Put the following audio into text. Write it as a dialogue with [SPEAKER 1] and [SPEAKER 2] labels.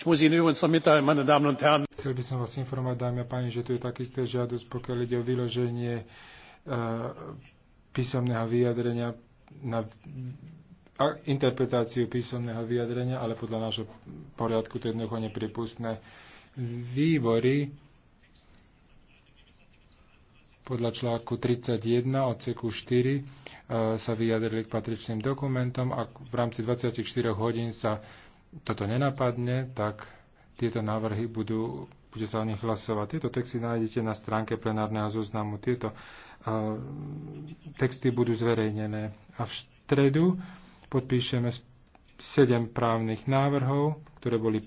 [SPEAKER 1] Chcel by som vás informovať, dámy a páni, že tu je takisto žiadosť, pokiaľ ide o vyloženie e, písomného vyjadrenia na interpretáciu písomného vyjadrenia, ale podľa nášho poriadku to jednoducho nepripustné. Výbory podľa článku 31 odseku 4 e, sa vyjadrili k patričným dokumentom a v rámci 24 hodín sa toto nenapadne, tak tieto návrhy budú, bude sa o nich hlasovať. Tieto texty nájdete na stránke plenárneho zoznamu. Tieto uh, texty budú zverejnené. A v stredu podpíšeme 7 právnych návrhov, ktoré boli